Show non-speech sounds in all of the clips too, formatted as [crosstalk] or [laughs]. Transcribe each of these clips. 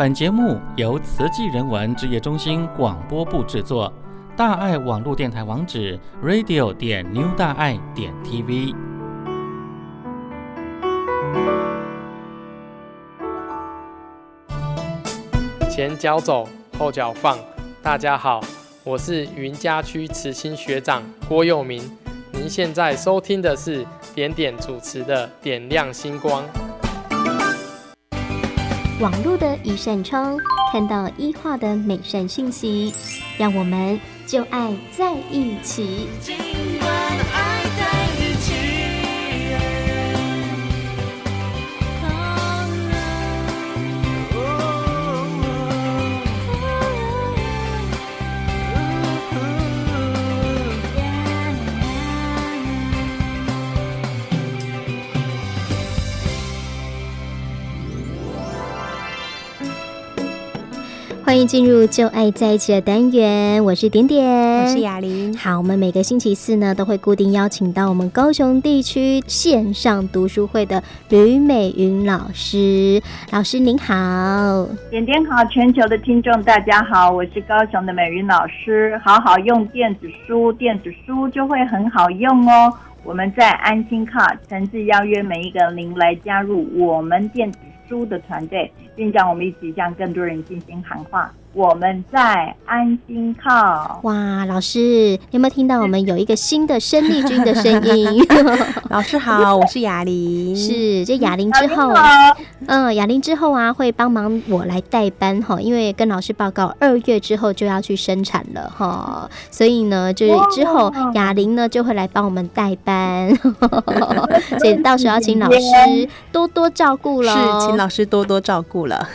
本節目由慈濟人文職業中心廣播部制作，大愛網絡電臺網址：radio. 點 new 大愛點 tv。前腳走，後腳放。大家好，我是雲嘉區慈青學長郭佑明。您現在收聽的是點點主持的《點亮星光》。網絡的一扇窗，看到一化的美善訊息，讓我們就愛在一起。進入就愛在一起的單元，我是點點，我是雅玲。好，我們每個星期四呢都會固定邀請到我們高雄地區線上讀書會的呂美雲老師。老師您好，點點好，全球的聽眾大家好，我是高雄的美雲老師。好好用電子書，電子書就會很好用哦。我們在安心卡誠摯邀約每一個您來加入我們電子書。書的團隊，並將我們一起向更多人進行喊話。我們在安心靠哇，老師，你有沒有聽到我們有一個新的生力軍的聲音？ [laughs] 老師好，我是雅玲。是，這雅玲之後，琳嗯，雅玲之後啊，會幫忙我來代班哈，因為跟老師報告，二月之後就要去生產了哈，所以呢，就是之後哇雅玲呢就會來幫我們代班， [laughs] 所以到時候請老師多多照顧了。天是，請老師多多照顧了。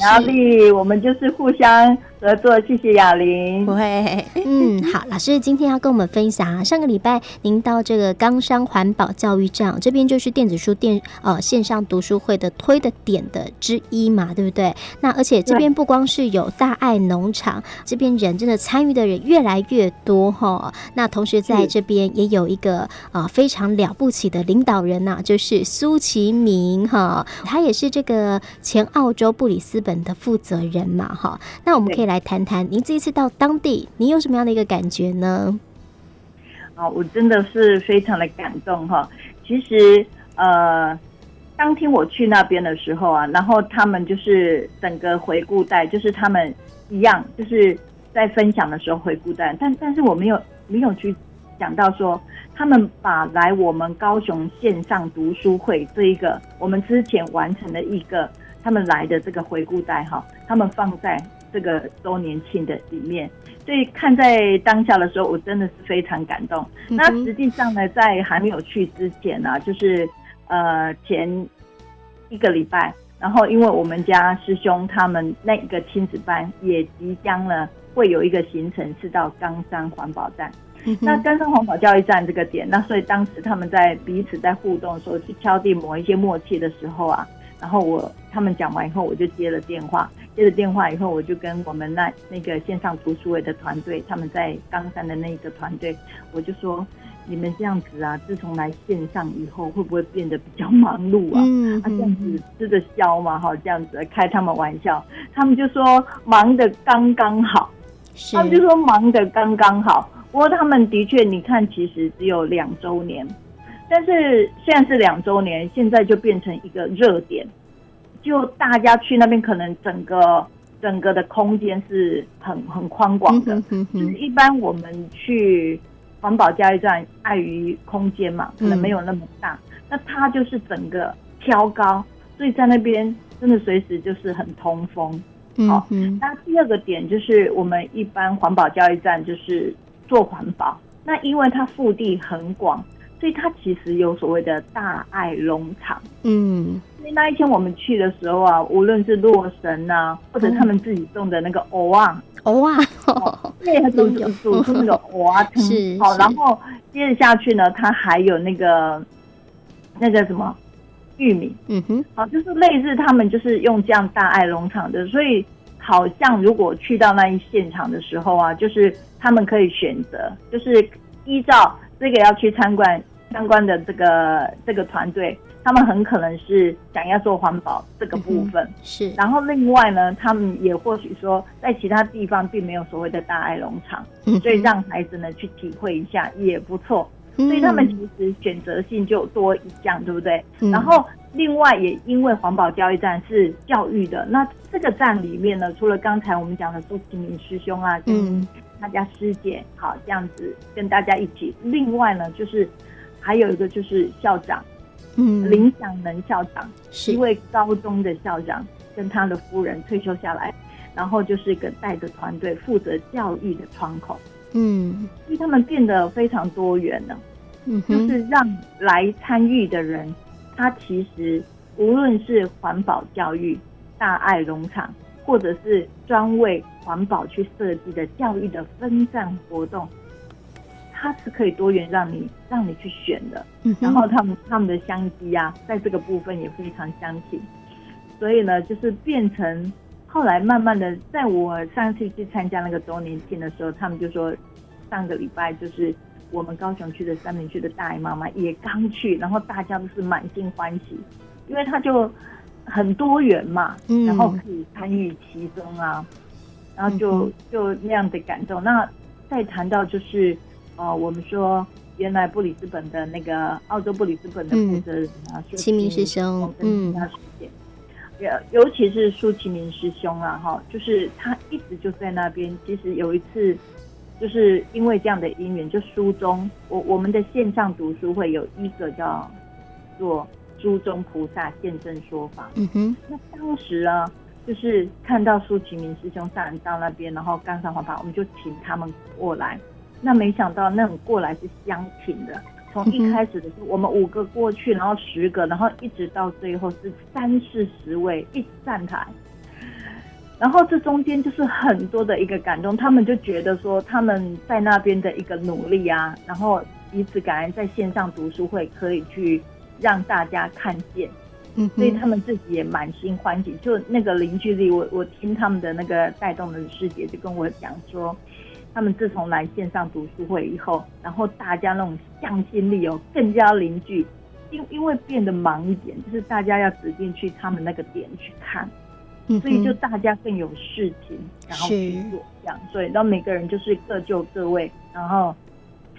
壓力，是我們就是互相，合作，謝謝雅玲。不會對，嗯，好，老師今天要跟我們分享。啊。上個禮拜您到這個岡山環保教育站，這邊就是電子書店呃線上讀書會的推的點的之一嘛，對不對？那而且這邊不光是有大愛農場，對這邊人真的參與的人越來越多哈、哦。那同時在這邊也有一個是呃非常了不起的領導人吶、啊，就是蘇其明哈、哦，他也是這個前澳洲布里斯本的負責人嘛哈、哦。那我們可以來。來談談您這一次到當地，您有什麼樣的一個感覺呢？啊，我真的是非常的感動哈。其實，呃，當天我去那邊的時候啊，然後他們就是整個回顧帶，就是他們一樣，就是在分享的時候回顧帶，但但是我沒有沒有去講到說，他們把來我們高雄線上讀書會這一個，我們之前完成的一個，他們來的這個回顧帶哈，他們放在這個周年慶的裡面，所以看在當下的時候，我真的是非常感動。嗯、哼那實際上呢，在還沒有去之前呢，啊，就是呃前一個禮拜，然後因為我們家師兄他們那一個親子班也即將呢會有一個行程，是到岡山環保站。嗯、哼那岡山環保教育站這個點，那所以當時他們在彼此在互動的時候，去敲定某一些默契的時候啊，然後我他們講完以後，我就接了電話。接了電話以後，我就跟我們那那個線上讀書會的團隊，他們在岡山的那個團隊，我就說：你們這樣子啊，自從來線上以後，會不會變得比較忙碌啊？嗯、啊，這樣子吃得消嗎。哦」哈，這樣子開他們玩笑，他們就說忙得剛剛好。是他們就說忙得剛剛好。不過他們的確，你看，其實只有兩周年。但是雖然是兩周年，現在就變成一個熱點，就大家去那邊可能整個整個的空間是很很寬廣的。嗯、哼哼哼，就是一般我們去環保教育站，礙於空間嘛，可能沒有那麼大。嗯、那它就是整個挑高，所以在那邊真的隨時就是很通風。好、嗯哼哦，那第二個點就是我們一般環保教育站就是做環保，那因為它腹地很廣。所以它其實有所謂的大愛農場，嗯，因為那一天我們去的時候啊，無論是洛神吶、啊，或者他們自己種的那個藕啊，藕啊、哦，對、哦，種煮出那個藕啊，是好，然後接着下去呢，它還有那個那個、叫什麼玉米，嗯哼，好，就是類似他們就是用這樣大愛農場的，所以好像如果去到那一現場的時候啊，就是他們可以選擇，就是依照這個要去參觀。相關的這個這個團隊，他們很可能是想要做環保這個部分，嗯、是。然後另外呢，他們也或許說，在其他地方並沒有所謂的大愛農場，嗯、哼所以讓孩子呢去體會一下也不錯。嗯、所以他們其實選擇性就多一項，對不對？嗯、然後另外也因為環保教育站是教育的，那這個站裡面呢，除了剛才我們講的周清明師兄啊，嗯，跟他家師姐，好這樣子跟大家一起，另外呢就是。還有一個就是校長，嗯，林享能校長是一位高中的校長，跟他的夫人退休下來，然後就是一個帶着團隊負責教育的窗口，嗯，因為他們變得非常多元了，嗯哼，就是讓來參與的人，他其實無論是環保教育、大愛農場，或者是專為環保去設計的教育的分站活動。他是可以多元讓你讓你去選的，嗯、哼然後他們他們的相機啊，在這個部分也非常相信。所以呢，就是變成後來慢慢的，在我上次去參加那個週年慶的時候，他們就說上個禮拜就是我們高雄區的三民區的大愛媽媽也剛去，然後大家都是滿心歡喜，因為他就很多元嘛，嗯、然後可以參與其中啊，然後就、嗯、哼就那樣的感動。那再談到就是。哦，我們說原來布里斯本的那個澳洲布里斯本的負責人啊，蘇齊明、嗯、師兄，嗯，跟他有點，尤、嗯、尤其是蘇齊明師兄啊，哈，就是他一直就在那邊。其實有一次，就是因為這樣的因緣，就書中我我們的線上讀書會有一個叫做“書中菩薩見證說法”，嗯哼，那當時啊，就是看到蘇齊明師兄上人到那邊，然後剛上黃牌，我們就請他們過來。那沒想到，那種過來是相挺的，從一開始的時候我們五個過去，然後十個，然後一直到最後是三四十位一起站台，然後這中間就是很多的一個感動，他們就覺得說他們在那邊的一個努力啊，然後彼此感恩在線上讀書會可以去讓大家看見，嗯，所以他們自己也滿心歡喜，就那個零距離，我我聽他們的那個帶動的師姐就跟我講說。他們自從來線上讀書會以後，然後大家那種向心力哦更加凝聚，因為因為變得忙一點，就是大家要指定去他們那個點去看，嗯、哼所以就大家更有事情，然後去做這樣，是所以讓每個人就是各就各位，然後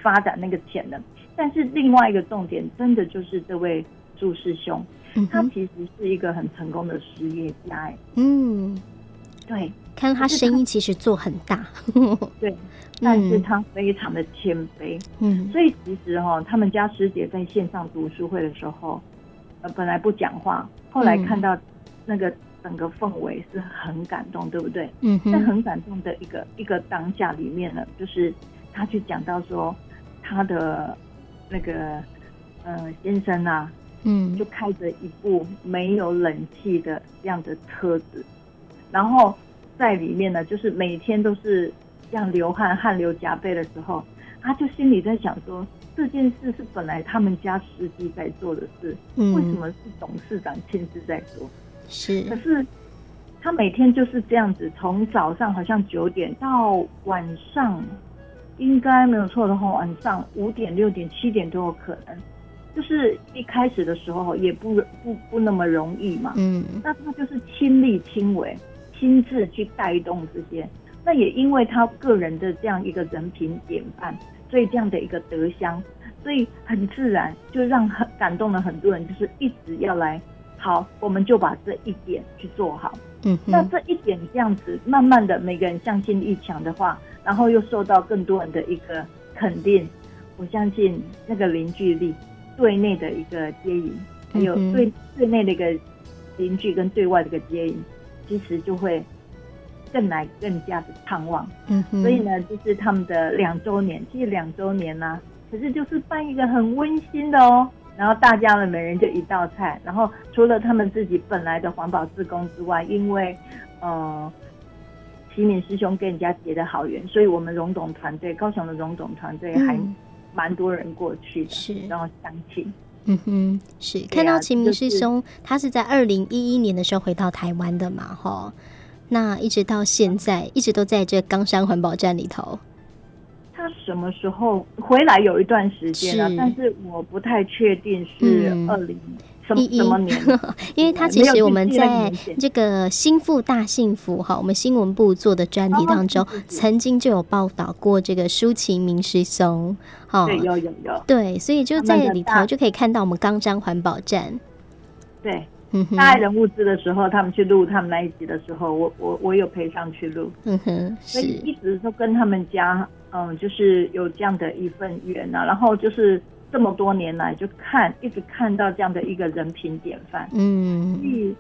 發展那個潛能。但是另外一個重點，真的就是這位祝師兄，他其實是一個很成功的實業家、欸，嗯，對。看他聲音其實做很大， [laughs] 對，但是他非常的謙卑，嗯，所以其實哈、哦，他們家師姐在線上讀書會的時候，呃，本來不講話，後來看到那個整個氛圍是很感動，嗯、對不對？嗯哼，在很感動的一個一個當下裡面呢，就是他去講到說他的那個呃先生啊，嗯，就開着一部沒有冷氣的這樣的車子，然後，在裡面呢，就是每天都是這樣流汗，汗流浹背的時候，他就心裡在想說，這件事是本來他們家司機在做的事，嗯，為什麼是董事長親自在做？是，可是他每天就是這樣子，從早上好像九點到晚上，應該沒有錯的話，晚上五點、六點、七點都有可能。就是一開始的時候也不不不那麼容易嘛，嗯，那他就是親力親為。親自去帶動這些，那也因為他個人的這樣一個人品典範，所以這樣的一個德香，所以很自然就讓很感動了很多人，就是一直要來。好，我們就把這一點去做好。嗯哼。那這一點這樣子，慢慢的每個人向心力強的話，然後又受到更多人的一個肯定，我相信那個凝聚力，對內的一個接引，還有對對內的一個凝聚跟對外的一個接引。其實就會更來更加的盼望，嗯哼，所以呢，就是他們的兩周年，這兩周年呢、啊，可是就是辦一個很溫馨的哦，然後大家呢每人就一道菜，然後除了他們自己本來的環保志工之外，因為呃，齊敏師兄跟人家結的好緣，所以我們榮董團隊、高雄的榮董團隊還蠻多人過去的，是、嗯、然後相親嗯哼，是看到秦明師兄，他是在二零一一年的時候回到台灣的嘛？齁，那一直到現在，一直都在這岡山環保站裡頭。他什麼時候回來？有一段時間了，是，但是我不太確定是二零。嗯第一，年 [laughs] 因為他其實我們在這個心腹大幸福哈，我們新聞部做的專題當中，哦、是是是曾經就有報道過這個舒淇明松、明師兄哈，有有有對，所以就在裡頭就可以看到我們岡山環保站，他對，大愛人物誌的時候，他們去錄他們那一集的時候，我我我有陪上去錄，嗯哼，是所以一直都跟他們家嗯，就是有這樣的一份緣呢、啊，然後就是。這麼多年來，就看一直看到這樣的一個人品典範。嗯，所以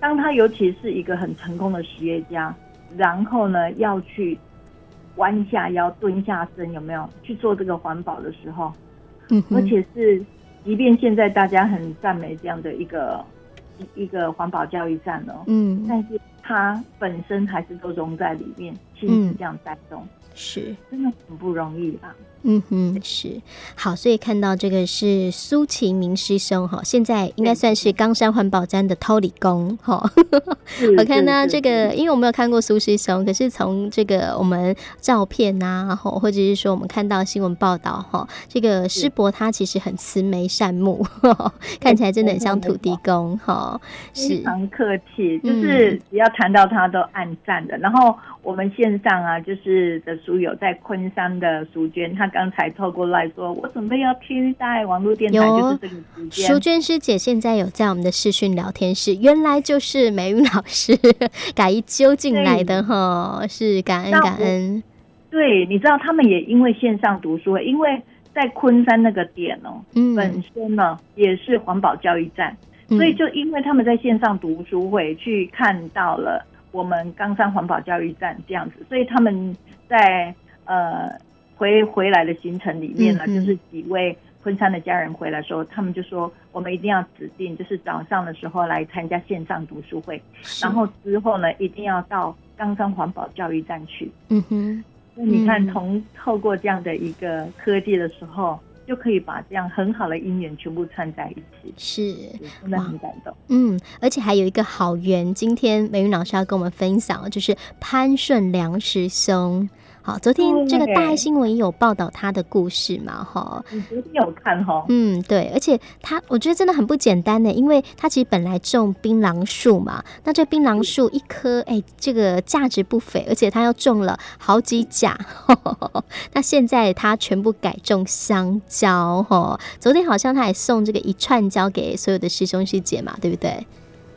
當他尤其是一個很成功的實業家，然後呢要去彎下腰、蹲下身，有沒有去做這個環保的時候？嗯哼，而且是即便現在大家很讚美這樣的一個一個環保教育站呢、哦，嗯，但是他本身還是都融在裡面。嗯，這樣帶動是真的很不容易吧？嗯哼，是好，所以看到這個是蘇秦明師兄哈，現在應該算是岡山環保站的偷理工哈。我看呢，這個，因為我沒有看過蘇師兄，可是從這個我們照片吶，或者是說我們看到新聞報道哈，這個師伯他其實很慈眉善目，看起來真的很像土地公哈。非常客氣，就是只要談到他都按讚的，然後。我們線上啊，就是的書友在岡山的淑娟，她剛才透過來說，我準備要聽在網絡電台，就是這個淑娟師姐現在有在我們的視訊聊天室，原來就是美雲老師呵呵，改一揪進來的哈對、哦，是感恩感恩。我感恩對，你知道他們也因為線上讀書，因為在岡山那個點哦，嗯，本身呢也是環保教育站，嗯、所以就因為他們在線上讀書會去看到了。我們岡山環保教育站這樣子，所以他們在呃回回來的行程裡面呢，嗯、哼就是幾位昆山的家人回來說，他們就說我們一定要指定，就是早上的時候來參加線上讀書會，是然後之後呢一定要到岡山環保教育站去。嗯哼，那你看從透過這樣的一個科技的時候。就可以把這樣很好的姻緣全部串在一起，是真的很感動。嗯，而且還有一個好緣，今天美雲老師要跟我們分享的就是潘順良師兄。好，昨天這個大愛新聞有報道他的故事嘛，哈。你昨天有看哈、哦？嗯，對，而且他我覺得真的很不簡單呢，因為他其實本來種檳榔樹嘛，那這檳榔樹一棵，哎、欸，這個價值不菲，而且他要種了好幾甲。那現在他全部改種香蕉，哦，昨天好像他還送這個一串蕉給所有的師兄師姐嘛，對不對？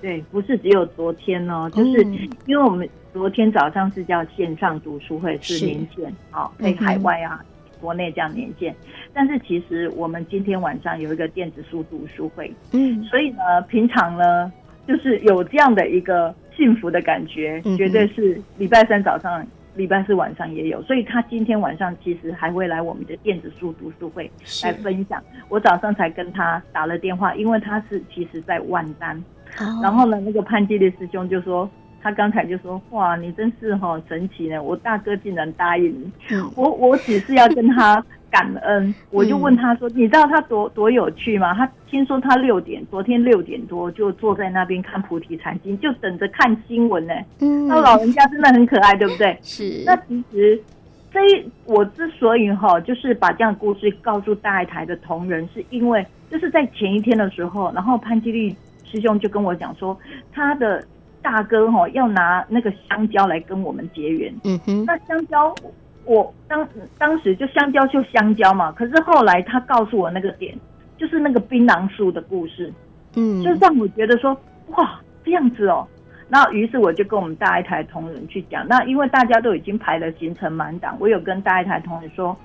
對，不是只有昨天哦，嗯、就是因為我們昨天早上是叫線上讀書會，是連線，好，可、哦、以 Okay. 海外啊，國內這樣連線。但是其實我們今天晚上有一個電子書讀書會，嗯，所以呢，平常呢，就是有這樣的一個幸福的感覺，嗯、哼絕對是禮拜三早上。禮拜四晚上也有，所以他今天晚上其實還會來我們的電子書讀書會來分享。是我早上才跟他打了電話，因為他是其實在萬丹，oh. 然後呢，那個潘基烈師兄就說，他剛才就說，哇，你真是好神奇呢，我大哥竟然答應、oh. 我，我只是要跟他。 [laughs] 感恩，我就問他說：“嗯、你知道他多多有趣嗎？”他聽說他六點，昨天六點多就坐在那邊看《菩提禪經》，就等着看新聞呢、欸。嗯，那老人家真的很可愛，對不對？是。那其實，這我之所以哈，就是把這樣的故事告訴大愛台的同仁，是因為就是在前一天的時候，然後潘基利師兄就跟我講說，他的大哥哈要拿那個香蕉來跟我們結緣。嗯哼，那香蕉。我當當時就香蕉就香蕉嘛，可是後來他告訴我那個點，就是那個檳榔樹的故事，嗯，就讓我覺得說哇這樣子哦，那於是我就跟我們大愛台同仁去講，那因為大家都已經排了行程滿檔，我有跟大愛台同仁說，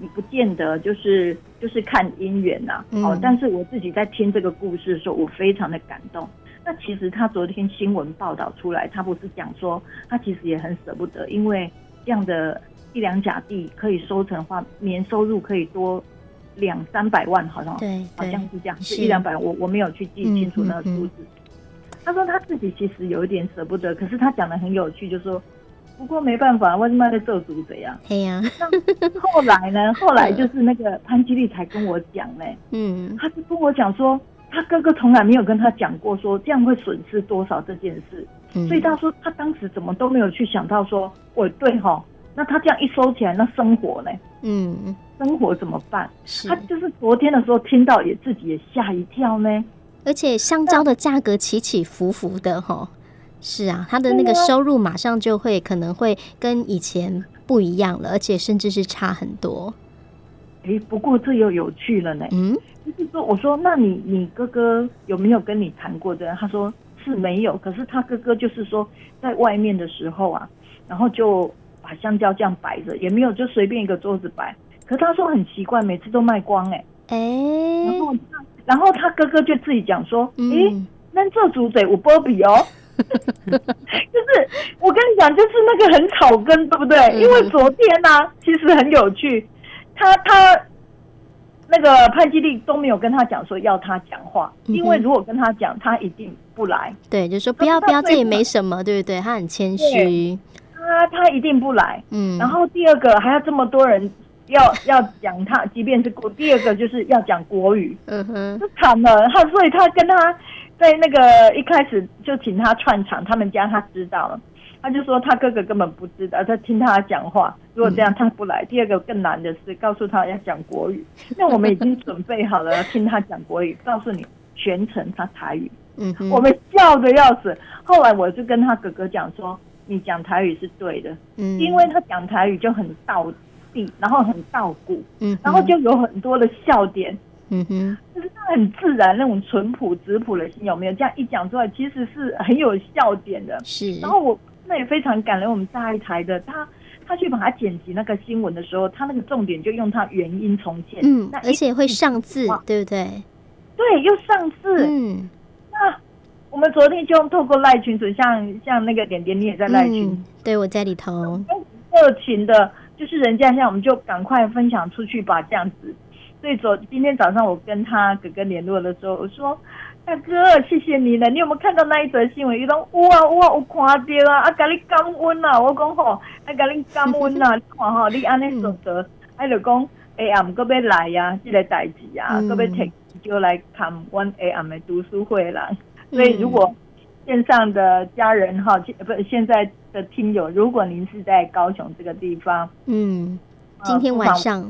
你不見得就是就是看姻緣吶、啊，嗯、哦，但是我自己在聽這個故事的時候，我非常的感動。那其實他昨天新聞報道出來，他不是講說他其實也很捨不得，因為這樣的。一兩甲地可以收成的話，年收入可以多兩三百萬，好像對對好像是這樣，是，是一兩百萬，我我沒有去記清楚那個數字。嗯、哼哼，他說他自己其實有一點捨不得，可是他講的很有趣，就說不過沒辦法，為什麼要做主這樣、啊？對呀、啊。那後來呢？ [laughs] 後來就是那個潘基利才跟我講嘞，嗯，他就跟我講說，他哥哥從來沒有跟他講過說這樣會損失多少這件事，嗯、所以他說他當時怎麼都沒有去想到說，我、哦、對哈。那他這樣一收起來，那生活呢？嗯，生活怎麼辦？是，他就是昨天的時候聽到也自己也嚇一跳呢。而且香蕉的價格起起伏伏的吼那，是啊，他的那個收入馬上就會可能會跟以前不一樣了，而且甚至是差很多。哎、欸，不過這又有趣了呢。嗯，就是說，我說那你你哥哥有沒有跟你談過？的他說是沒有，可是他哥哥就是說在外面的時候啊，然後就。香蕉這樣擺着也沒有，就隨便一個桌子擺。可是他說很奇怪，每次都賣光哎、欸、哎、欸。然後，他哥哥就自己講說：“哎、嗯，那這、欸、主嘴我波比哦。” [laughs] [laughs] 就是我跟你講，就是那個很草根，對不對？嗯、因為昨天呢、啊，其實很有趣。他他那個潘基地都沒有跟他講說要他講話，嗯、哼因為如果跟他講，他一定不來。對，就說不要不要，這也沒什麼，對不對？他很謙虛。他、啊、他一定不來，嗯。然後第二個還要這麼多人要要講他，即便是國第二個就是要講國語，嗯哼，就慘了。他所以他跟他在那個一開始就請他串場，他們家他知道了，他就說他哥哥根本不知道，他聽他講話。如果這樣、嗯、他不來，第二個更難的是告訴他要講國語。嗯、哼那我們已經準備好了要聽他講國語，告訴你全程他台語，嗯、哼我們笑的要死。後來我就跟他哥哥講說。你講台語是對的，嗯，因為他講台語就很道地，然後很道古，嗯哼，然後就有很多的笑點，嗯哼，就是他很自然那種淳樸、質樸的心，有沒有？這樣一講出來，其實是很有笑點的，是。然後我那也非常感恩我們大愛台的他，他去把它剪輯那個新聞的時候，他那個重點就用他原音重建。嗯，那而且會上字，對不對？對，又上字，嗯。我們昨天就透過賴群組，像像那個點點，你也在賴群、嗯，對我在裡頭，熱、嗯、情的，就是人家像我們就趕快分享出去吧，這樣子。所以昨今天早上我跟他哥哥聯絡的時候，我說：“大哥，謝謝你了，你有沒有看到那一則新聞？”伊講：“哇哇有啊，有看到啊，啊，甲你感恩啊，我講吼，啊，甲你感恩啊， [laughs] 你看哈，你安尼做得，哎、嗯啊，就講，哎呀，各位來呀、啊，這個代志呀，各位、嗯、要聽，就來看我 am 的讀書會啦所以，如果線上的家人哈，不，現在的聽友，如果您是在高雄這個地方，嗯，今天晚上，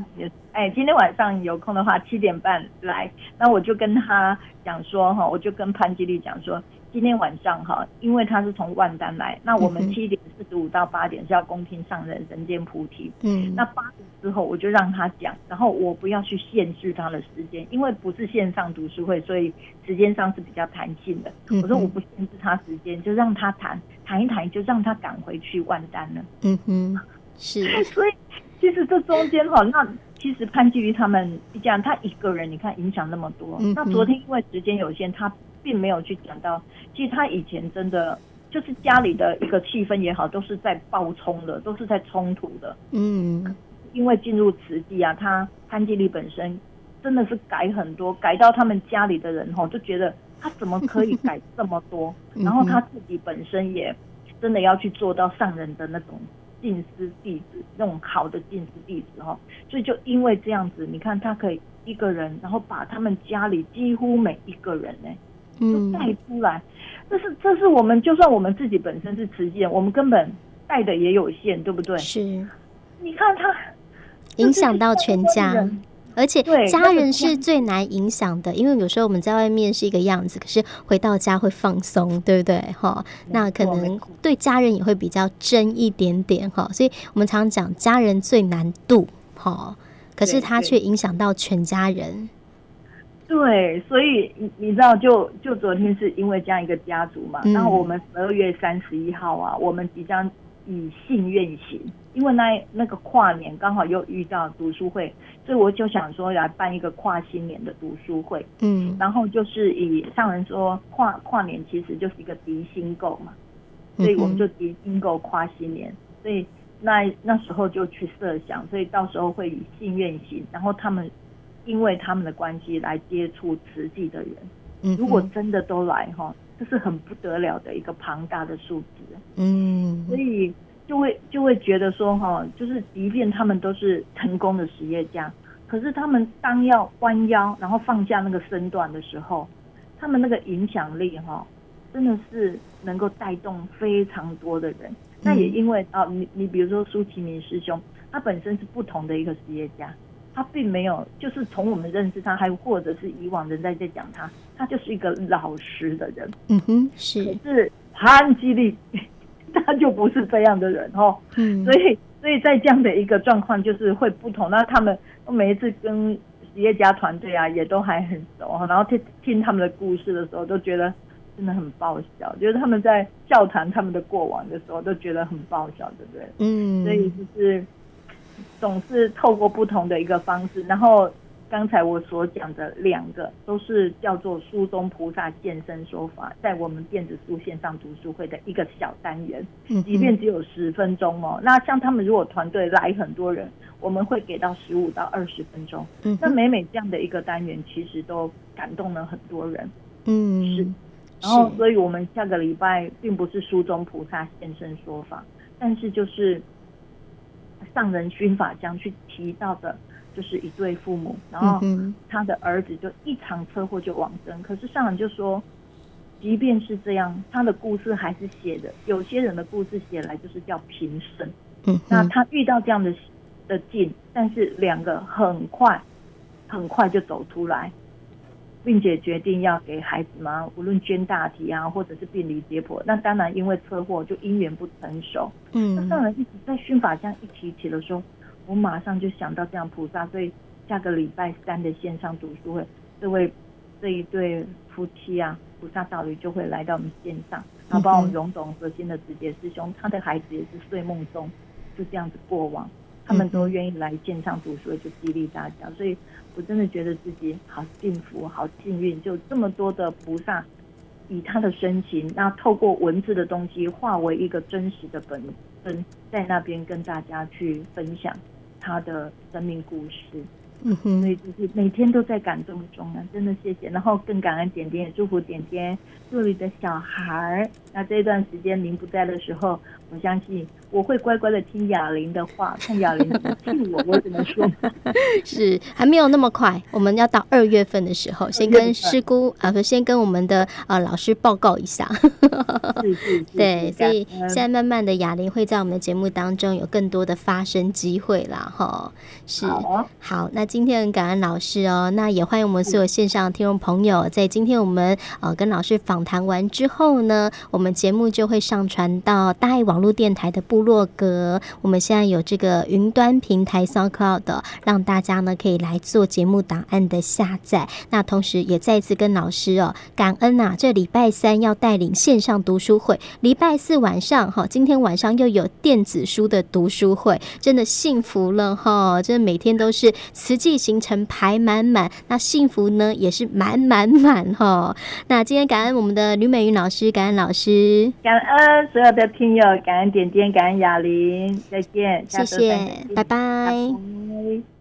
哎、啊，今天晚上有空的話，七點半來，那我就跟他講說，哈，我就跟潘吉利講說。今天晚上哈，因為他是從萬丹來，那我們七點四十五到八點是要恭聽上人、人間菩提，嗯，那八點之後我就讓他講，然後我不要去限制他的時間，因為不是線上讀書會，所以時間上是比較彈性的。嗯、哼我說我不限制他時間，就讓他談談一談，就讓他趕回去萬丹了。嗯哼，是， [laughs] 所以其實這中間哈，那其實潘基於他們這樣，他一個人你看影響那麼多，嗯、哼那昨天因為時間有限，他。並沒有去講到，其實他以前真的就是家裡的一個氣氛，也好，都是在暴衝的，都是在衝突的。嗯，嗯，因為進入慈濟啊，他潘基利本身真的是改很多，改到他們家裡的人吼、哦、就覺得他怎麼可以改這麼多， [laughs] 然後他自己本身也真的要去做到上人的那種靜思弟子那種好的靜思弟子吼，所以就因為這樣子，你看他可以一個人，然後把他們家裡幾乎每一個人呢。嗯，帶出來，嗯、這是這是我們就算我們自己本身是持戒，我們根本帶的也有限，對不對？是，你看他影響到全家，嗯、而且家人是最難影響的，因為有時候我們在外面是一個樣子，可是回到家會放鬆，對不對？哈、嗯，那可能對家人也會比較真一點點哈，所以我們常常講家人最難度，哈，可是他卻影響到全家人。對，所以你你知道就，就就昨天是因為這樣一個家族嘛，然後、嗯、我們十二月三十一號啊，我們即將以信願行，因為那那個跨年剛好又遇到讀書會，所以我就想說，來辦一個跨新年的讀書會，嗯，然後就是以上人說跨跨年其實就是一個滌心垢嘛，所以我們就滌心垢跨新年，所以那那時候就去設想，所以到時候會以信願行，然後他們。因為他們的關係來接觸慈濟的人，如果真的都來哈，這是很不得了的一個龐大的數字。嗯，所以就會就會覺得說哈，就是即便他們都是成功的實業家，可是他們當要彎腰然後放下那個身段的時候，他們那個影響力哈，真的是能夠帶動非常多的人。嗯，那也因為啊，你你比如說蘇啟明師兄，他本身是不同的一個實業家。他並沒有，就是從我們認識他，還或者是以往人在在講他，他就是一個老實的人。嗯哼，是。可是潘吉利他就不是這樣的人哦。嗯。所以，所以在這樣的一個狀況，就是會不同。那他們每一次跟企業家團隊啊，嗯、也都還很熟哈。然後聽聽他們的故事的時候，都覺得真的很爆笑，就是他們在笑談他們的過往的時候，都覺得很爆笑，對不對？嗯。所以就是。總是透過不同的一個方式，然後剛才我所講的兩個都是叫做《書中菩薩現身說法》，在我們電子書線上讀書會的一個小單元，嗯、哼即便只有十分鐘哦。那像他們如果團隊來很多人，我們會給到十五到二十分鐘。嗯哼，那每每這樣的一個單元，其實都感動了很多人。嗯，是，然後所以我們下個禮拜並不是《書中菩薩現身說法》，但是就是。上人薰法將去提到的，就是一對父母，然後他的兒子就一場車禍就往生，可是上人就說，即便是這樣，他的故事還是寫的。有些人的故事寫來就是叫平生。嗯哼，那他遇到這樣的的境，但是兩個很快，很快就走出來。並且決定要給孩子嘛，無論捐大體啊，或者是病理解剖，那當然因為車禍就因緣不成熟。嗯，那當然一直在訓法上一起一起，這樣一提起了，說我馬上就想到這樣菩薩，對，下個禮拜三的線上讀書會，這位這一對夫妻啊，菩薩道侶就會來到我們線上，然後幫我們榮總和信的直覺師兄，他的孩子也是睡夢中就這樣子過往。他們都願意來線上讀書，就激勵大家。所以，我真的覺得自己好幸福、好幸運。就這麼多的菩薩，以他的深情，那透過文字的東西，化為一個真實的本分，在那邊跟大家去分享他的生命故事。嗯哼。所以就是每天都在感動中啊，真的謝謝。然後更感恩點點，也祝福點點這裡的小孩。那這段時間您不在的時候。我相信我會乖乖的聽啞鈴的話，看啞鈴怎麼聽我， [laughs] 我怎麼說？是還沒有那麼快，我們要到二月份的時候， [laughs] 先跟師姑 [laughs] 啊，先跟我們的呃老師報告一下。對 [laughs] 對，所以現在慢慢的啞鈴會在我們的節目當中有更多的發聲機會了哈。是。好，啊、好，那今天很感恩老師哦，那也歡迎我們所有線上的聽眾朋友，在今天我們呃跟老師訪談完之後呢，我們節目就會上傳到大愛網。網絡電台的部落格，我們現在有這個雲端平台 SoundCloud 讓大家呢可以來做節目檔案的下載。那同時，也再次跟老師哦，感恩吶、啊，這禮拜三要帶領線上讀書會，禮拜四晚上哈，今天晚上又有電子書的讀書會，真的幸福了哈，真的每天都是慈濟行程排滿滿，那幸福呢也是滿滿滿哈。那今天感恩我們的呂美雲老師，感恩老師，感恩所有的聽友。感恩點點，感恩雅玲。再見，下次再見。謝謝，拜拜，拜拜。